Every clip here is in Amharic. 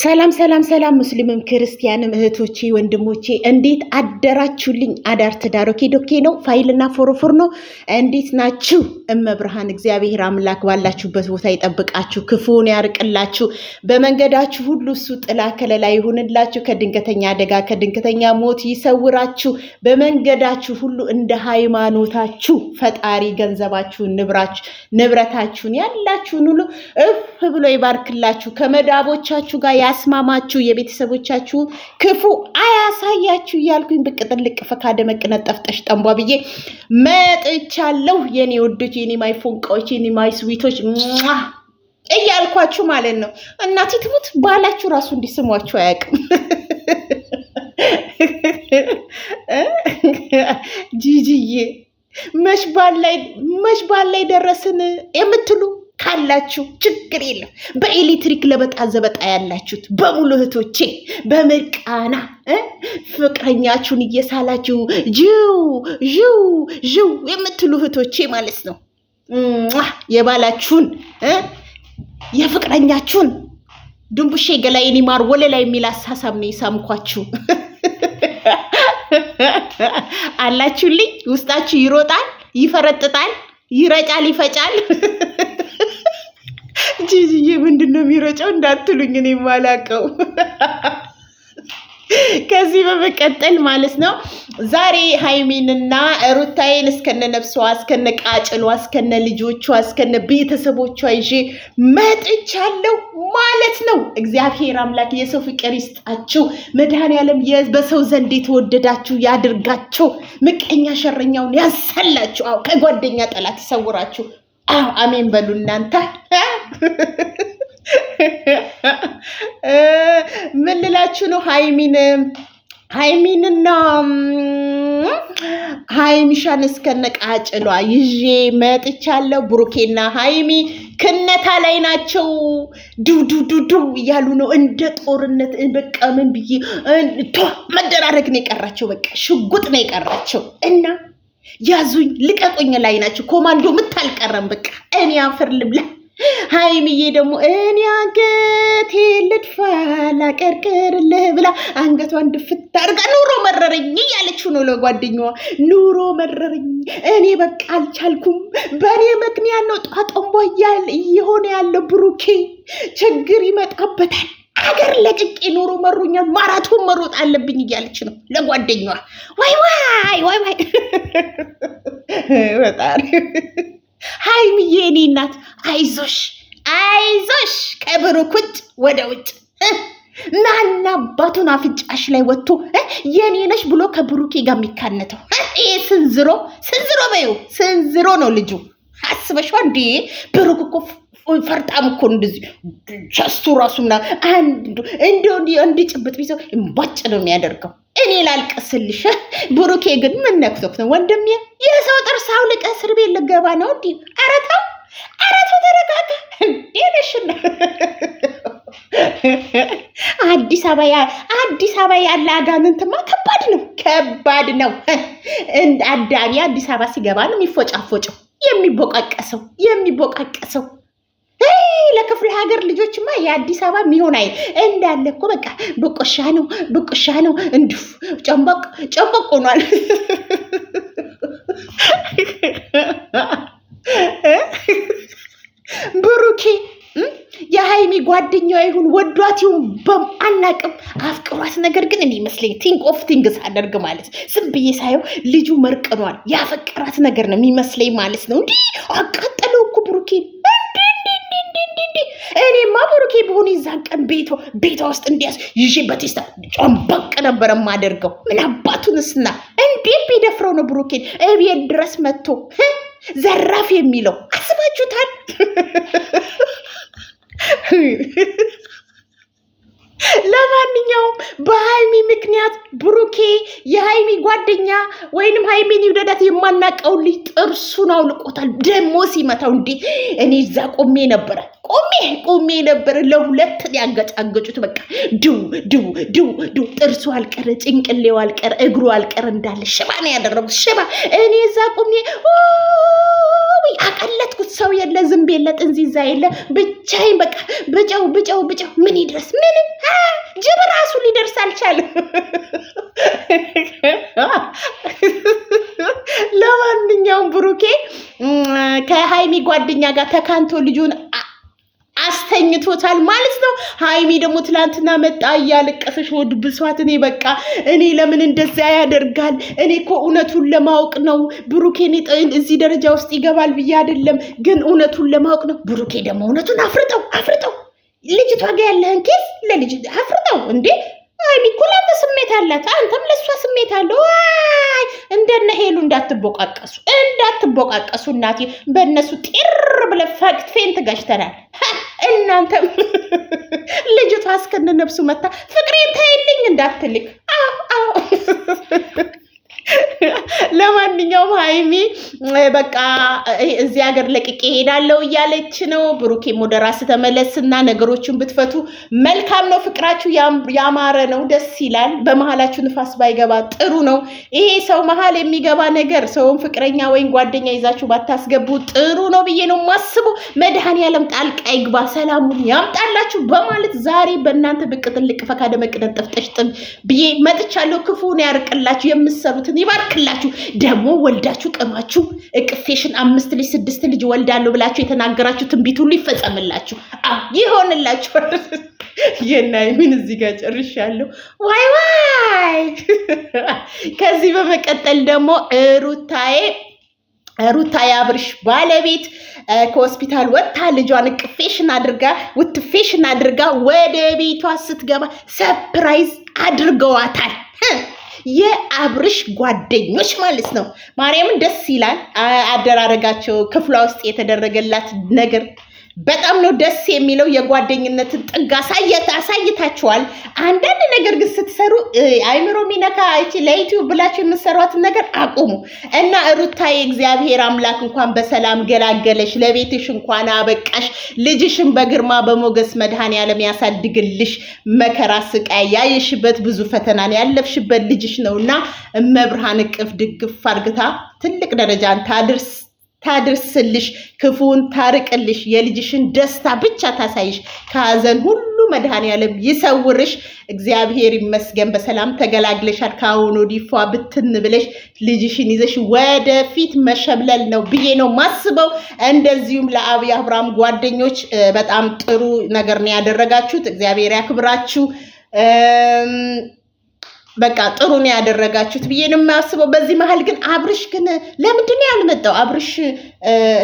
ሰላም ሰላም ሰላም ሙስሊምም ክርስቲያንም እህቶቼ ወንድሞቼ እንዴት አደራችሁልኝ? አዳር ትዳር ኦኬ ዶኬ ነው፣ ፋይልና ፎሮፎር ነው። እንዴት ናችሁ? እመብርሃን እግዚአብሔር አምላክ ባላችሁበት ቦታ ይጠብቃችሁ፣ ክፉን ያርቅላችሁ፣ በመንገዳችሁ ሁሉ እሱ ጥላ ከለላ ይሁንላችሁ፣ ከድንገተኛ አደጋ ከድንገተኛ ሞት ይሰውራችሁ። በመንገዳችሁ ሁሉ እንደ ሃይማኖታችሁ ፈጣሪ ገንዘባችሁን ንብረታችሁን ያላችሁን ሁሉ እፍ ብሎ ይባርክላችሁ ከመዳቦቻችሁ ጋር ያስማማችሁ፣ የቤተሰቦቻችሁ ክፉ አያሳያችሁ እያልኩኝ ብቅ ጥልቅ ፈካ ደመቅ ጠሽ ጠንቧ ብዬ መጥቻለሁ። የኔ ወዶች፣ የኔ ማይ ፎንቃዎች፣ የኔ ማይ ስዊቶች እያልኳችሁ ማለት ነው። እናቴ ትሙት ባላችሁ ራሱ እንዲስሟችሁ አያውቅም። ጂጂዬ መሽ ባል ላይ ደረስን የምትሉ ካላችሁ ችግር የለም። በኤሌክትሪክ ለበጣ ዘበጣ ያላችሁት በሙሉ እህቶቼ በምርቃና ፍቅረኛችሁን እየሳላችሁ ዥው ዥው ዥው የምትሉ እህቶቼ ማለት ነው የባላችሁን የፍቅረኛችሁን ድንቡሼ ገላዬን ይማር ወለላ የሚል አሳሳብ ነው የሳምኳችሁ። አላችሁልኝ። ውስጣችሁ ይሮጣል፣ ይፈረጥጣል፣ ይረጫል፣ ይፈጫል። አንቺ ዝዬ ምንድን ነው የሚረጨው እንዳትሉኝ፣ እኔ የማላውቀው ከዚህ በመቀጠል ማለት ነው ዛሬ ሀይሚንና ሩታዬን እስከነ ነፍሷ እስከነ ቃጭሏ እስከነ ልጆቿ እስከነ ቤተሰቦቿ ይዤ መጥቻለሁ ማለት ነው። እግዚአብሔር አምላክ የሰው ፍቅር ይስጣችሁ። መድኃኔዓለም በሰው ዘንድ የተወደዳችሁ ያድርጋችሁ። ምቀኛ ሸረኛውን ያሰላችሁ። አዎ ከጓደኛ ጠላት ይሰውራችሁ። አሜን በሉ እናንተ። ምን ልላችሁ ነው? ሀይሚን ሀይሚንና ሀይሚሻን እስከነ ቃጭሏ ይዤ መጥቻለሁ። ብሩኬና ሀይሚ ክነታ ላይ ናቸው። ዱዱዱዱ እያሉ ነው እንደ ጦርነት። በቃ ምን ብዬ መደራረግ ነው የቀራቸው። በቃ ሽጉጥ ነው የቀራቸው እና ያዙኝ ልቀቁኝ ላይ ናቸው። ኮማንዶ ምታልቀረም በቃ እኔ አፈር ልብላ። ሀይሚዬ ደግሞ እኔ አንገቴ ልድፋ ላቀርቅርልህ ብላ አንገቷን ድፍት አድርጋ ኑሮ መረረኝ እያለች ነው ለጓደኛዋ። ኑሮ መረረኝ እኔ በቃ አልቻልኩም፣ በእኔ ምክንያት ነው ጧጠንቧ እየሆነ ያለ ብሩኬ ችግር ይመጣበታል አገር ለቅቄ ኑሮ መሩኛል፣ ማራቶን መሮጥ አለብኝ እያለች ነው ለጓደኛዋ። ዋይ ዋይ ዋይ ዋይ በጣም ሀይሚዬ፣ እኔ እናት አይዞሽ፣ አይዞሽ ከብሩ ቁጭ ወደ ውጭ ናና አባቱን አፍንጫሽ ላይ ወጥቶ የኔ ነሽ ብሎ ከብሩኬ ጋር የሚካነተው ይሄ ስንዝሮ ስንዝሮ በይው ስንዝሮ ነው ልጁ። አስበሽዋ እንዴ? ብሩክ እኮ ፈርጣም እኮ እንደዚህ ቸስቱ ራሱና አንዱ እንደው እንዲ ጭብጥ ቢሰው እምባጭ ነው የሚያደርገው። እኔ ላልቀስልሽ፣ ብሩኬ ግን ምን ነክቶክ ነው ወንድሜ? የሰው ጥርስ አውልቀህ እስር ቤት ልገባ ነው እንዲ? ኧረ ተው፣ ኧረ ተው፣ ተረጋጋ። እንዴነሽና አዲስ አበባ አዲስ አበባ ያለ አጋንንትማ ከባድ ነው፣ ከባድ ነው። አዳሚ አዲስ አበባ ሲገባ ነው የሚፎጫፎጨው። የሚቦቃቀሰው የሚቦቃቀሰው ለክፍለ ሀገር ልጆችማ የአዲስ አበባ የሚሆን አይ እንዳለ እኮ በቃ ብቁሻ ነው ብቁሻ ነው እንዲሁ ጨንበቅ ጨንበቅ ሆኗል። ጓደኛዋ ይሁን ወዷት ይሁን በም አናቅም አፍቅሯት። ነገር ግን እኔ ይመስለኝ ቲንክ ኦፍ ቲንግስ አደርግ ማለት ዝም ብዬ ሳየው ልጁ መርቅኗል። ያፈቅራት ነገር ነው የሚመስለኝ ማለት ነው። እንዲህ አቃጠለው እኮ ብሩኬን እኔማ ብሩኬ በሆኑ የዛን ቀን ቤቷ ውስጥ እንዲያስ ይዤ በቴስታ ጨንበቅ ነበር የማደርገው። ምን አባቱንስና እንዴት ቢደፍረው ነው ብሩኬን እቤት ድረስ መጥቶ ዘራፍ የሚለው አስባችሁታል? ለማንኛውም በሀይሚ ምክንያት ብሩኬ የሀይሚ ጓደኛ ወይንም ሀይሚን ይውደዳት የማናቀው ልጅ ጥርሱን አውልቆታል። ደግሞ ሲመታው እንዴ! እኔ እዛ ቆሜ ነበረ ቆሜ ቆሜ ነበረ። ለሁለት ያገጫገጩት በቃ ድው ድው ድው ድው። ጥርሱ አልቀረ፣ ጭንቅሌው አልቀረ፣ እግሩ አልቀረ፣ እንዳለ ሽባ ነው ያደረጉት ሽባ። እኔ እዛ ቆሜ አቀለጥኩት። ሰው የለ፣ ዝንብ የለ፣ ጥንዚዛ የለ፣ ብቻዬን በቃ ብጨው ብጨው ብጨው። ምን ይድረስ? ምን ጅብ ራሱ ሊደርስ አልቻለ። ለማንኛውም ብሩኬ ከሀይሚ ጓደኛ ጋር ተካንቶ ልጁን አስተኝቶታል ማለት ነው። ሀይሚ ደግሞ ትላንትና መጣ እያለቀሰች ወድ ብሷት፣ እኔ በቃ እኔ ለምን እንደዛ ያደርጋል? እኔ እኮ እውነቱን ለማወቅ ነው ብሩኬን እዚህ ደረጃ ውስጥ ይገባል ብዬ አይደለም፣ ግን እውነቱን ለማወቅ ነው። ብሩኬ ደግሞ እውነቱን አፍርጠው አፍርጠው ልጅቷ ጋ ያለህን ኬስ ለልጅ አፍርጠው እንዴ ሀይሚ እኮ ለአንተ ስሜት አላት፣ አንተም ለእሷ ስሜት አለው። ዋይ እንደነ ሄሉ እንዳትቦቃቀሱ እንዳትቦቃቀሱ፣ እናቴ በእነሱ ጢር ብለህ ፌንት ገጭተናል። እናንተ ልጅቷ እስከነ ነብሱ መታ ፍቅሬን ተይልኝ አዎ ለማንኛውም ሀይሚ በቃ እዚህ ሀገር ለቅቄ ሄዳለሁ እያለች ነው። ብሩኬም ወደ ራስ ተመለስና ነገሮችን ብትፈቱ መልካም ነው። ፍቅራችሁ ያማረ ነው፣ ደስ ይላል። በመሀላችሁ ንፋስ ባይገባ ጥሩ ነው። ይሄ ሰው መሀል የሚገባ ነገር ሰውን ፍቅረኛ ወይም ጓደኛ ይዛችሁ ባታስገቡ ጥሩ ነው ብዬ ነው ማስቡ። መድኃኔዓለም ጣልቃ ይግባ፣ ሰላሙን ያምጣላችሁ በማለት ዛሬ በእናንተ ብቅ ጥልቅ ፈካ ደመቅ ብዬ መጥቻለሁ። ክፉን ያርቅላችሁ የምሰሩት ያላችሁበትን ይባርክላችሁ። ደግሞ ወልዳችሁ ቅማችሁ እቅፌሽን አምስት ልጅ ስድስት ልጅ ወልዳለሁ ብላችሁ የተናገራችሁ ትንቢት ሁሉ ይፈጸምላችሁ፣ ይሆንላችሁ። የና ምን እዚህ ጋር ጨርሻለሁ። ዋይ ዋይ! ከዚህ በመቀጠል ደግሞ ሩታዬ ሩታ የአብርሽ ባለቤት ከሆስፒታል ወጥታ ልጇን እቅፌሽን አድርጋ ውትፌሽን አድርጋ ወደ ቤቷ ስትገባ ሰፕራይዝ አድርገዋታል። የአብርሽ ጓደኞች ማለት ነው። ማርያምን ደስ ይላል አደራረጋቸው። ክፍሏ ውስጥ የተደረገላት ነገር በጣም ነው ደስ የሚለው። የጓደኝነትን ጥግ አሳይታችኋል። አንዳንድ ነገር ግን ስትሰሩ አይምሮ ሚነካ ለዩቲዩብ ብላችሁ የምትሰሯትን ነገር አቁሙ እና ሩታዬ፣ እግዚአብሔር አምላክ እንኳን በሰላም ገላገለሽ፣ ለቤትሽ እንኳን አበቃሽ። ልጅሽን በግርማ በሞገስ መድኃኔዓለም ያሳድግልሽ። መከራ ስቃይ ያየሽበት ብዙ ፈተናን ያለፍሽበት ልጅሽ ነውና እመብርሃን እቅፍ ድግፍ አርግታ ትልቅ ደረጃን ታድርስ። ታድርስልሽ፣ ክፉን ታርቅልሽ፣ የልጅሽን ደስታ ብቻ ታሳይሽ፣ ከሀዘን ሁሉ መድኃኔዓለም ይሰውርሽ። እግዚአብሔር ይመስገን፣ በሰላም ተገላግለሻል። ከአሁኑ ዲፏ ብትን ብለሽ ልጅሽን ይዘሽ ወደፊት መሸብለል ነው ብዬ ነው ማስበው። እንደዚሁም ለአብይ አብርሃም ጓደኞች በጣም ጥሩ ነገር ነው ያደረጋችሁት። እግዚአብሔር ያክብራችሁ። በቃ ጥሩ ነው ያደረጋችሁት ብዬ ነው የማያስበው። በዚህ መሀል ግን አብርሽ ግን ለምንድን ነው ያልመጣው? አብርሽ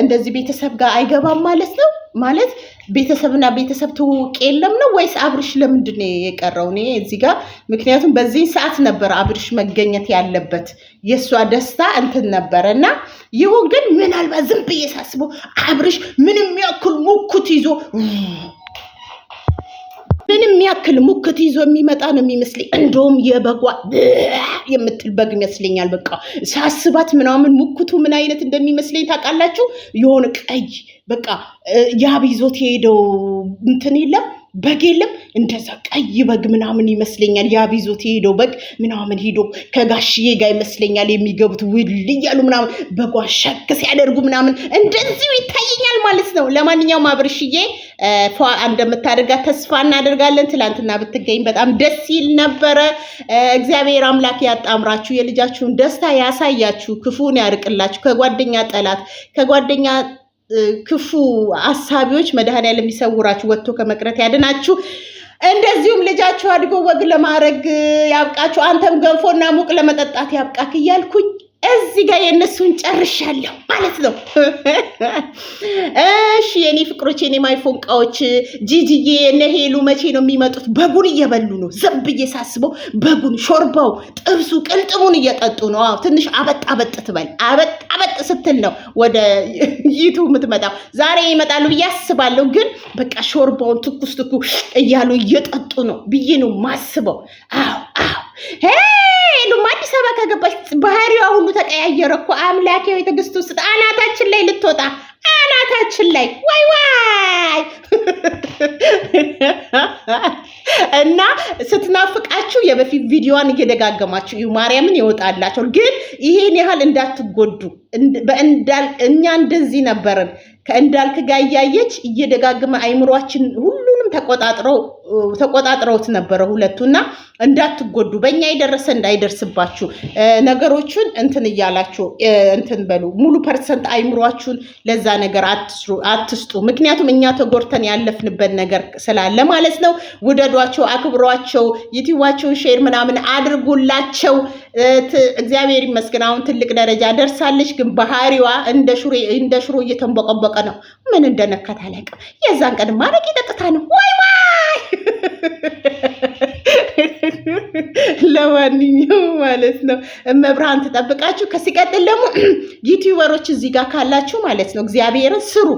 እንደዚህ ቤተሰብ ጋር አይገባም ማለት ነው? ማለት ቤተሰብና ቤተሰብ ትውውቅ የለም ነው ወይስ አብርሽ ለምንድን ነው የቀረው? እኔ እዚህ ጋር ምክንያቱም በዚህ ሰዓት ነበር አብርሽ መገኘት ያለበት የእሷ ደስታ እንትን ነበረ እና ይሁን ግን ምናልባት ዝም ብዬ ሳስበው አብርሽ ምንም ያክል ሙኩት ይዞ ያክል ሙክት ይዞ የሚመጣ ነው የሚመስለኝ። እንደውም የበጓ የምትል በግ ይመስለኛል። በቃ ሳስባት ምናምን ሙክቱ ምን አይነት እንደሚመስለኝ ታውቃላችሁ? የሆነ ቀይ በቃ ያብ ይዞት የሄደው እንትን የለም በግ የለም እንደዛ ቀይ በግ ምናምን ይመስለኛል ያ ቢዞት የሄደው በግ ምናምን ሄዶ ከጋሽዬ ጋር ይመስለኛል የሚገቡት ውል እያሉ ምናምን በጓ ሸክ ሲያደርጉ ምናምን እንደዚሁ ይታየኛል ማለት ነው። ለማንኛውም አብርሽዬ ፏ እንደምታደርጋት ተስፋ እናደርጋለን። ትላንትና ብትገኝ በጣም ደስ ይል ነበረ። እግዚአብሔር አምላክ ያጣምራችሁ፣ የልጃችሁን ደስታ ያሳያችሁ፣ ክፉን ያርቅላችሁ፣ ከጓደኛ ጠላት ከጓደኛ ክፉ አሳቢዎች መድኃኒዓለም የሚሰውራችሁ ወጥቶ ከመቅረት ያድናችሁ። እንደዚሁም ልጃችሁ አድጎ ወግ ለማድረግ ያብቃችሁ። አንተም ገንፎና ሙቅ ለመጠጣት ያብቃክ እያልኩኝ እዚህ ጋር የእነሱን ጨርሻለሁ። ማለት ነው። እሺ የኔ ፍቅሮች፣ የኔ ማይፎንቃዎች ጂጂዬ፣ ነሄሉ ሄሉ መቼ ነው የሚመጡት? በጉን እየበሉ ነው። ዘብ እየሳስበው በጉን፣ ሾርባው፣ ጥብሱ፣ ቅልጥሙን እየጠጡ ነው። ትንሽ አበጥ አበጥ ትበል። አበጥ አበጥ ስትል ነው ወደ ይቱ የምትመጣው። ዛሬ ይመጣሉ ብዬ አስባለሁ። ግን በቃ ሾርባውን ትኩስ ትኩ እያሉ እየጠጡ ነው ብዬ ነው ማስበው። አዎ አዎ ሰባ ከገባች ባህሪዋ ሁሉ ተቀያየረ እኮ አምላኬ ወይ ትዕግስት ውስጥ አናታችን ላይ ልትወጣ አናታችን ላይ ዋይ ዋይ እና ስትናፍቃችሁ የበፊት ቪዲዮዋን እየደጋገማችሁ እዩ። ማርያምን ይወጣላቸው። ግን ይሄን ያህል እንዳትጎዱ እኛ እንደዚህ ነበርን። ከእንዳልክ ጋር እያየች እየደጋግመ አይምሯችን ሁሉንም ተቆጣጥረው ተቆጣጥረውት ነበረ ሁለቱ እና እንዳትጎዱ በእኛ የደረሰ እንዳይደርስባችሁ ነገሮቹን እንትን እያላችሁ እንትን በሉ ሙሉ ፐርሰንት አይምሯችሁን ለዛ ነገር አትስጡ። ምክንያቱም እኛ ተጎድተን ያለፍንበት ነገር ስላለ ማለት ነው። ውደዷቸው፣ አክብሯቸው፣ ዩቲዩባቸውን ሼር ምናምን አድርጉላቸው። እግዚአብሔር ይመስገን አሁን ትልቅ ደረጃ ደርሳለች። ግን ባህሪዋ እንደ ሽሮ እየተንበቀበቀ ነው። ምን እንደነካት አላውቅም። የዛን ቀን ማረቅ ይጠጥታ ነው ወይ ለማንኛውም ማለት ነው እመብርሃን ትጠብቃችሁ። ከሲቀጥል ደግሞ ዩቲዩበሮች እዚህ ጋር ካላችሁ ማለት ነው እግዚአብሔርን ስሩ።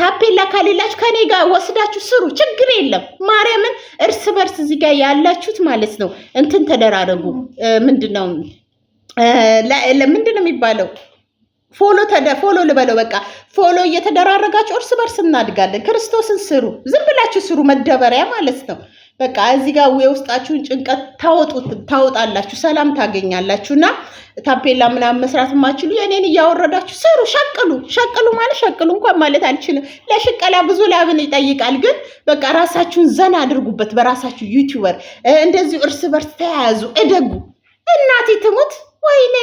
ታፔላ ካሌላችሁ ከኔ ጋር ወስዳችሁ ስሩ፣ ችግር የለም። ማርያምን እርስ በርስ እዚህ ጋር ያላችሁት ማለት ነው እንትን ተደራረጉ። ምንድን ነው ምንድን ነው የሚባለው ፎሎ ተደ ፎሎ ልበለው በቃ ፎሎ እየተደራረጋችሁ እርስ በርስ እናድጋለን። ክርስቶስን ስሩ፣ ዝም ብላችሁ ስሩ፣ መደበሪያ ማለት ነው። በቃ እዚህ ጋር የውስጣችሁን ጭንቀት ታወጡት ታወጣላችሁ፣ ሰላም ታገኛላችሁ። እና ታፔላ ምናምን መስራት የማችሉ የእኔን እያወረዳችሁ ስሩ፣ ሸቅሉ። ሸቅሉ ማለት ሸቅሉ እንኳን ማለት አልችልም። ለሽቀላ ብዙ ላብን ይጠይቃል። ግን በቃ ራሳችሁን ዘና አድርጉበት በራሳችሁ ዩቲዩበር። እንደዚሁ እርስ በርስ ተያያዙ፣ እደጉ። እናቴ ትሙት ወይኔ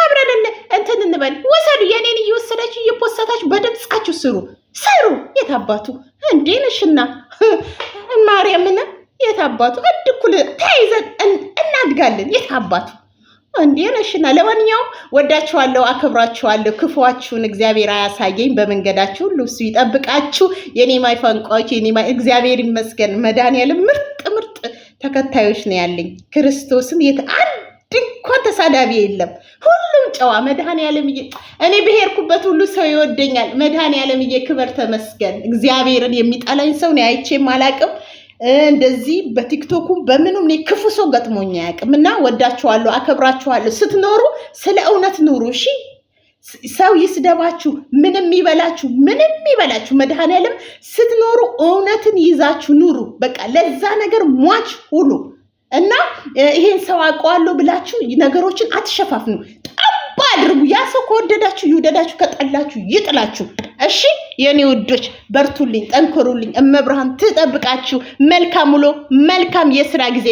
አብረን እንትን እንበል ወሰዱ። የኔን እየወሰዳችሁ እየፖሰታችሁ በድምጻችሁ ስሩ ስሩ። የታባቱ እንዴ እንዴንሽና ማርያምን የታባቱ እድኩል ተይዘን እናድጋለን። የታባቱ እንዴ ነሽና። ለማንኛውም ወዳችኋለሁ፣ አክብራችኋለሁ። ክፉዋችሁን እግዚአብሔር አያሳየኝ። በመንገዳችሁ ሁሉ እሱ ይጠብቃችሁ። የኔ ማይ ፈንቋዎች፣ የኔ ማይ እግዚአብሔር ይመስገን መድኃኒዓለም ምርጥ ምርጥ ተከታዮች ነው ያለኝ ክርስቶስን የት ተሳዳቢ የለም። ሁሉም ጨዋ መድኃኔዓለምዬ፣ እኔ ብሄርኩበት ሁሉ ሰው ይወደኛል። መድኃኔዓለምዬ ክብር ተመስገን። እግዚአብሔርን የሚጠላኝ ሰው እኔ አይቼም አላቅም። እንደዚህ በቲክቶኩ በምኑም እኔ ክፉ ሰው ገጥሞኝ አያውቅም። እና ወዳችኋለሁ፣ አከብራችኋለሁ። ስትኖሩ ስለ እውነት ኑሩ እሺ። ሰው ይስደባችሁ፣ ምንም ይበላችሁ፣ ምንም ይበላችሁ፣ መድኃኔዓለም ስትኖሩ እውነትን ይዛችሁ ኑሩ። በቃ ለዛ ነገር ሟች ሁሉ እና ይሄን ሰው አውቀዋለሁ ብላችሁ ነገሮችን አትሸፋፍኑ። ጠብ አድርጉ። ያ ሰው ከወደዳችሁ ይውደዳችሁ፣ ከጠላችሁ ይጥላችሁ። እሺ የኔ ውዶች፣ በርቱልኝ፣ ጠንክሩልኝ። እመብርሃን ትጠብቃችሁ። መልካም ውሎ፣ መልካም የስራ ጊዜ